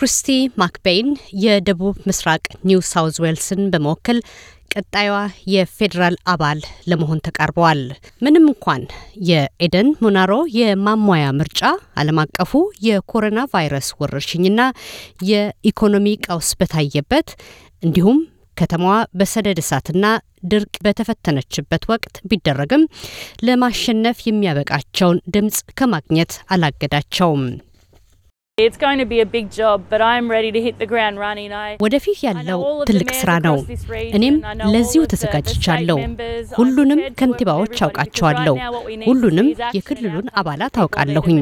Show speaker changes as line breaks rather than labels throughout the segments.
ክሪስቲ ማክቤይን የደቡብ ምስራቅ ኒው ሳውዝ ዌልስን በመወከል ቀጣዩዋ የፌዴራል አባል ለመሆን ተቃርበዋል። ምንም እንኳን የኤደን ሞናሮ የማሟያ ምርጫ ዓለም አቀፉ የኮሮና ቫይረስ ወረርሽኝና የኢኮኖሚ ቀውስ በታየበት እንዲሁም ከተማዋ በሰደድ እሳትና ድርቅ በተፈተነችበት ወቅት ቢደረግም ለማሸነፍ የሚያበቃቸውን ድምፅ ከማግኘት አላገዳቸውም። ወደፊት ያለው ትልቅ ስራ ነው። እኔም ለዚሁ ተዘጋጅቻለሁ። ሁሉንም ከንቲባዎች አውቃቸዋለሁ። ሁሉንም የክልሉን አባላት አውቃለሁኝ።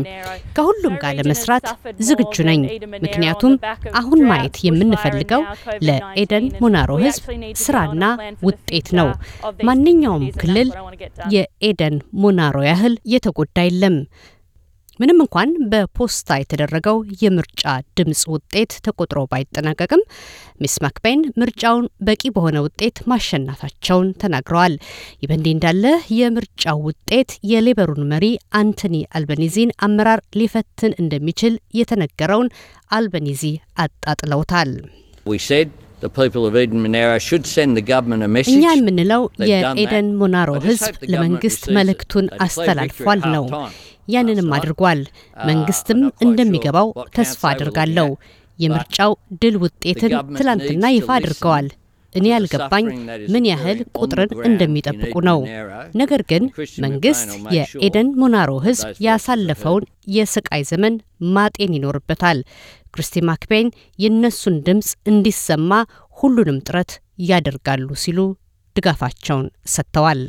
ከሁሉም ጋር ለመስራት ዝግጁ ነኝ። ምክንያቱም አሁን ማየት የምንፈልገው ለኤደን ሞናሮ ህዝብ ስራና ውጤት ነው። ማንኛውም ክልል የኤደን ሞናሮ ያህል የተጎዳ የለም። ምንም እንኳን በፖስታ የተደረገው የምርጫ ድምፅ ውጤት ተቆጥሮ ባይጠናቀቅም ሚስ ማክቤን ምርጫውን በቂ በሆነ ውጤት ማሸነፋቸውን ተናግረዋል። ይህ በእንዲህ እንዳለ የምርጫው ውጤት የሌበሩን መሪ አንቶኒ አልበኒዚን አመራር ሊፈትን እንደሚችል የተነገረውን አልበኒዚ አጣጥለውታል። እኛ የምንለው የኤደን ሞናሮ ህዝብ ለመንግስት መልእክቱን አስተላልፏል ነው ያንንም አድርጓል። መንግስትም እንደሚገባው ተስፋ አድርጋለሁ። የምርጫው ድል ውጤትን ትላንትና ይፋ አድርገዋል። እኔ ያልገባኝ ምን ያህል ቁጥርን እንደሚጠብቁ ነው። ነገር ግን መንግስት የኤደን ሞናሮ ህዝብ ያሳለፈውን የስቃይ ዘመን ማጤን ይኖርበታል። ክሪስቲ ማክቤን የእነሱን ድምፅ እንዲሰማ ሁሉንም ጥረት ያደርጋሉ ሲሉ ድጋፋቸውን ሰጥተዋል።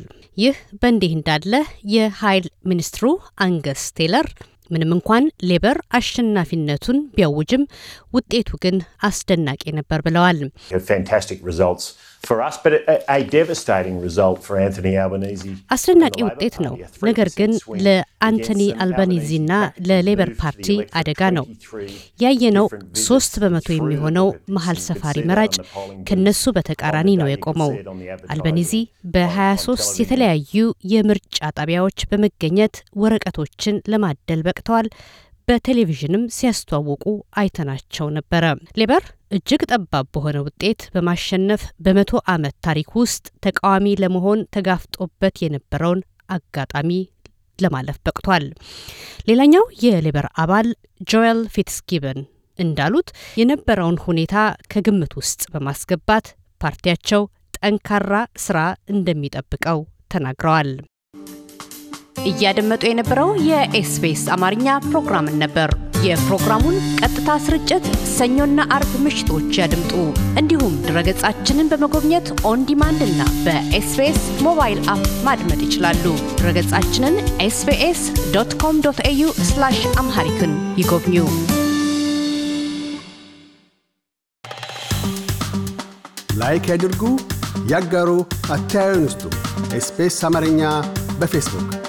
ይህ በእንዲህ እንዳለ የኃይል ሚኒስትሩ አንገስ ቴለር ምንም እንኳን ሌበር አሸናፊነቱን ቢያውጅም ውጤቱ ግን አስደናቂ ነበር ብለዋል። አስደናቂ ውጤት ነው። ነገር ግን ለአንቶኒ አልባኒዚና ለሌበር ፓርቲ አደጋ ነው። ያየነው ሶስት በመቶ የሚሆነው መሀል ሰፋሪ መራጭ ከነሱ በተቃራኒ ነው የቆመው። አልባኒዚ በ23 የተለያዩ የምርጫ ጣቢያዎች በመገኘት ወረቀቶችን ለማደል በቅተዋል። በቴሌቪዥንም ሲያስተዋውቁ አይተናቸው ነበረ ሌበር እጅግ ጠባብ በሆነ ውጤት በማሸነፍ በመቶ ዓመት ታሪክ ውስጥ ተቃዋሚ ለመሆን ተጋፍጦበት የነበረውን አጋጣሚ ለማለፍ በቅቷል። ሌላኛው የሌበር አባል ጆኤል ፊትስጊበን እንዳሉት የነበረውን ሁኔታ ከግምት ውስጥ በማስገባት ፓርቲያቸው ጠንካራ ስራ እንደሚጠብቀው ተናግረዋል። እያደመጡ የነበረው የኤስቢኤስ አማርኛ ፕሮግራምን ነበር። የፕሮግራሙን ቀጥታ ስርጭት ሰኞና አርብ ምሽቶች ያድምጡ። እንዲሁም ድረገጻችንን በመጎብኘት ኦን ዲማንድ እና በኤስቤስ ሞባይል አፕ ማድመጥ ይችላሉ። ድረገጻችንን ኤስቤስ ዶት ኮም ዶት ኤዩ አምሃሪክን ይጎብኙ። ላይክ ያድርጉ፣ ያጋሩ፣ አስተያየትን ይስጡ። አማርኛ በፌስቡክ